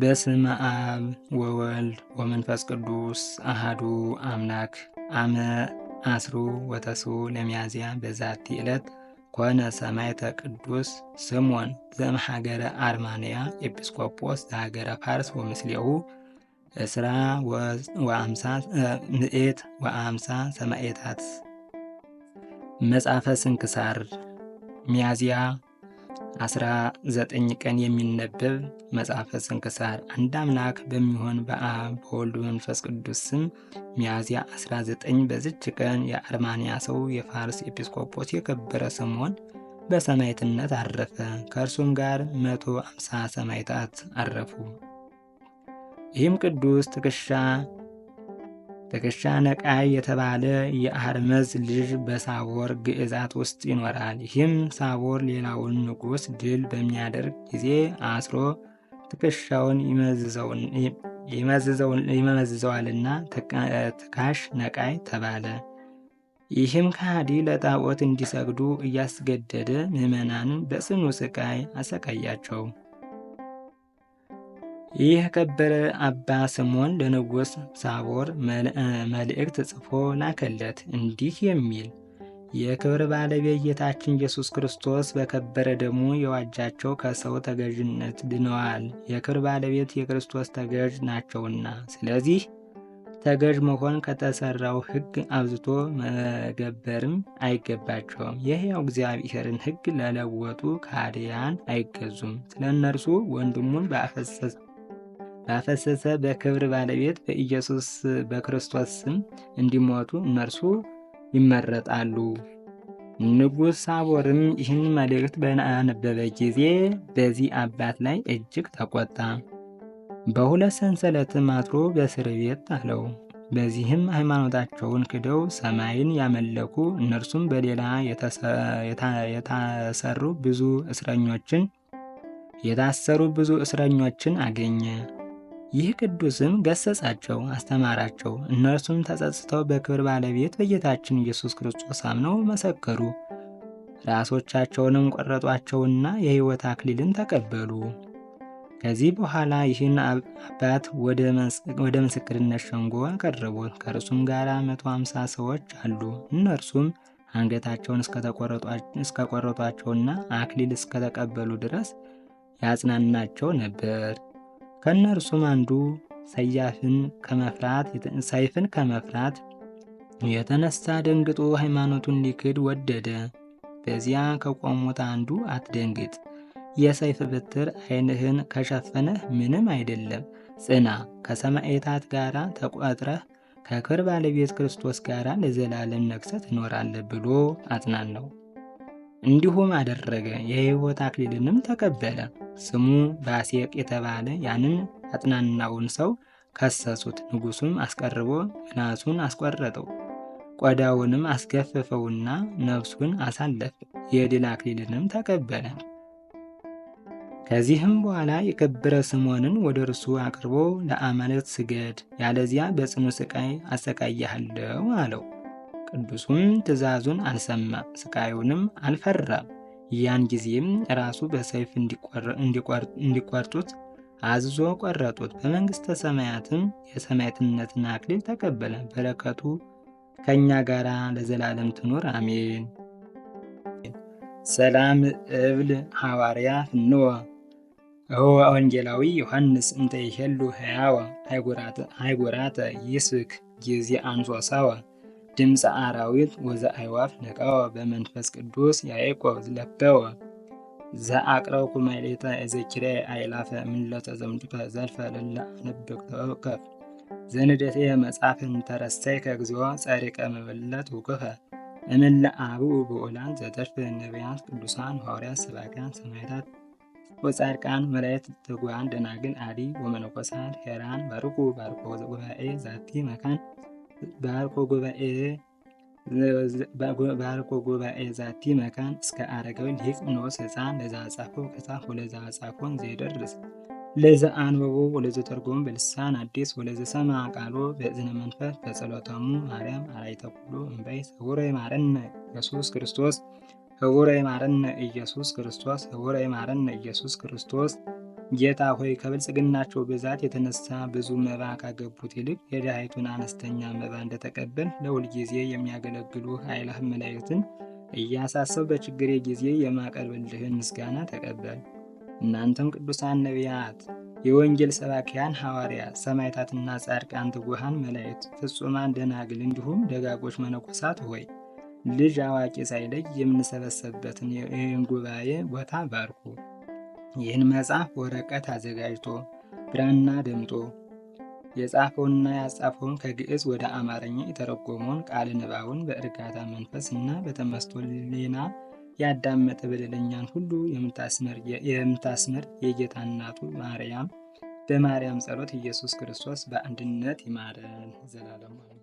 በስመ አብ ወወልድ ወመንፈስ ቅዱስ አሃዱ አምላክ አመ አስሩ ወተሱ ለሚያዝያ በዛቲ ዕለት ኮነ ሰማይተ ቅዱስ ስምዖን ዘምሃገረ አርማንያ ኤጲስቆጶስ ዘሀገረ ፋርስ ወምስሌሁ እስራ ምዕት ወአምሳ ሰማዕታት። መጽሐፈ ስንክሳር ሚያዝያ አስራ ዘጠኝ ቀን የሚነበብ መጽሐፈ ስንክሳር አንድ አምላክ በሚሆን በአብ በወልድ መንፈስ ቅዱስ ስም ሚያዝያ 19 በዝች ቀን የአርማንያ ሰው የፋርስ ኤጲስቆጶስ የከበረ ስምዖን በሰማዕትነት አረፈ። ከእርሱም ጋር መቶ አምሳ ሰማዕታት አረፉ። ይህም ቅዱስ ትከሻ ትከሻ ነቃይ የተባለ የአርመዝ ልጅ በሳቦር ግዕዛት ውስጥ ይኖራል። ይህም ሳቦር ሌላውን ንጉሥ ድል በሚያደርግ ጊዜ አስሮ ትከሻውን ይመዝዘዋልና ትካሽ ነቃይ ተባለ። ይህም ከሃዲ ለጣዖት እንዲሰግዱ እያስገደደ ምዕመናንን በጽኑ ስቃይ አሰቃያቸው። ይህ የከበረ አባ ስምዖን ለንጉሥ ሳቦር መልእክት ጽፎ ላከለት እንዲህ የሚል የክብር ባለቤት ጌታችን ኢየሱስ ክርስቶስ በከበረ ደሙ የዋጃቸው ከሰው ተገዥነት ድነዋል። የክብር ባለቤት የክርስቶስ ተገዥ ናቸውና፣ ስለዚህ ተገዥ መሆን ከተሰራው ሕግ አብዝቶ መገበርም አይገባቸውም። የሕያው እግዚአብሔርን ሕግ ለለወጡ ካድያን አይገዙም። ስለ እነርሱ ወንድሙን በአፈሰስ ባፈሰሰ በክብር ባለቤት በኢየሱስ በክርስቶስ ስም እንዲሞቱ እነርሱ ይመረጣሉ። ንጉሥ ሳቦርም ይህን መልእክት በአነበበ ጊዜ በዚህ አባት ላይ እጅግ ተቆጣ። በሁለት ሰንሰለትም አትሮ በእስር ቤት ጣለው። በዚህም ሃይማኖታቸውን ክደው ሰማይን ያመለኩ እነርሱም በሌላ የታሰሩ ብዙ እስረኞችን የታሰሩ ብዙ እስረኞችን አገኘ። ይህ ቅዱስም ገሰጻቸው፣ አስተማራቸው። እነርሱም ተጸጽተው በክብር ባለቤት በጌታችን ኢየሱስ ክርስቶስ አምነው መሰከሩ። ራሶቻቸውንም ቆረጧቸውና የሕይወት አክሊልን ተቀበሉ። ከዚህ በኋላ ይህን አባት ወደ ምስክርነት ሸንጎ አቀረቡት። ከእርሱም ጋር 150 ሰዎች አሉ። እነርሱም አንገታቸውን እስከቆረጧቸውና አክሊል እስከተቀበሉ ድረስ ያጽናናቸው ነበር። ከእነርሱም አንዱ ሰያፍን ከመፍራት ሰይፍን ከመፍራት የተነሳ ደንግጦ ሃይማኖቱን ሊክድ ወደደ። በዚያ ከቆሙት አንዱ አትደንግጥ፣ የሰይፍ ብትር ዓይንህን ከሸፈነህ ምንም አይደለም፣ ጽና፣ ከሰማዕታት ጋር ተቆጥረህ ከክብር ባለቤት ክርስቶስ ጋር ለዘላለም ነግሰህ ትኖራለህ ብሎ አጽናናው። እንዲሁም አደረገ። የሕይወት አክሊልንም ተቀበለ። ስሙ ባሴቅ የተባለ ያንን አጥናናውን ሰው ከሰሱት። ንጉሱም አስቀርቦ ምናሱን አስቆረጠው፣ ቆዳውንም አስገፈፈውና ነፍሱን አሳለፈ። የድል አክሊልንም ተቀበለ። ከዚህም በኋላ የከበረ ስምዖንን ወደ እርሱ አቅርቦ ለአማልክት ስገድ፣ ያለዚያ በጽኑ ስቃይ አሰቃያለሁ አለው። ቅዱሱም ትእዛዙን አልሰማ፣ ስቃዩንም አልፈራም። ያን ጊዜም ራሱ በሰይፍ እንዲቆርጡት አዝዞ ቆረጡት። በመንግሥተ ሰማያትም የሰማዕትነትን አክሊል ተቀበለ። በረከቱ ከእኛ ጋር ለዘላለም ትኑር አሜን። ሰላም እብል ሐዋርያ ፍንወ እሆ ወንጌላዊ ዮሐንስ እንተ ይሄሉ ሕያወ ሀይጎራተ ይስብክ ጊዜ አንሶሳወ ድምፀ አራዊት ወዘአዕዋፍ ነቀወ በመንፈስ ቅዱስ ያዕቆብ ዝለበወ ዘአቅረብኩ ማሕሌተ እዘኪርየ አእላፈ ምለተ ተዘምቱከ ዘልፈ ለለ አነብብ ክተወከፍ ዘንደትየ መጽሐፈ እንተረሰይከ እግዚኦ ጸሪቀ መበለት ውክፈ እምእለ አብኡ ብኡላን ዘተርፈ ነቢያት ቅዱሳን ሐዋርያት ሰባክያን ሰማዕታት ወጻድቃን መላእክት ትጉሃን ደናግል አዲ ወመነኮሳት ሄራን ባርኩ ባርኮ ዘጉባኤ ዛቲ መካን በአልቆ ጉባኤ በአርቆ ጉባኤ ዛቲ መካን እስከ አረጋዊ ሊቅ ንዑስ ህፃን ለዛ ጻፈው ከጻፍ ወለዛ ጻፎን ዘይደርስ ለዘ አንበቦ ወለዘ ተርጎም በልሳን አዲስ ወለዘ ሰማ ቃሎ በእዝነ መንፈስ በጸሎቶሙ ማርያም አራይተ ኩሉ እምበይ ህቡረ ይማረነ ኢየሱስ ክርስቶስ ህቡረ ይማረነ ኢየሱስ ክርስቶስ ህቡረ ይማረነ ኢየሱስ ክርስቶስ ጌታ ሆይ ከብልጽግናቸው ብዛት የተነሳ ብዙ መባ ካገቡት ይልቅ የድሃይቱን አነስተኛ መባ እንደተቀበል ለሁልጊዜ የሚያገለግሉ ኃይላህ መላእክትን እያሳሰብ በችግሬ ጊዜ የማቀርብልህን ምስጋና ተቀበል። እናንተም ቅዱሳን ነቢያት፣ የወንጌል ሰባኪያን ሐዋርያ፣ ሰማዕታትና ጻድቃን፣ ትጉሃን መላእክት፣ ፍጹማን ደናግል እንዲሁም ደጋጎች መነኮሳት ሆይ ልጅ አዋቂ ሳይለይ የምንሰበሰብበትን ይህን ጉባኤ ቦታ ባርኩ። ይህን መጽሐፍ ወረቀት አዘጋጅቶ ብራና ደምጦ የጻፈውንና ያጻፈውን ከግዕዝ ወደ አማርኛ የተረጎመውን ቃለ ንባቡን በእርጋታ መንፈስ እና በተመስጦ ሌና ያዳመጠ በደለኛን ሁሉ የምታስምር የጌታ እናቱ ማርያም በማርያም ጸሎት ኢየሱስ ክርስቶስ በአንድነት ይማረን ዘላለሙ።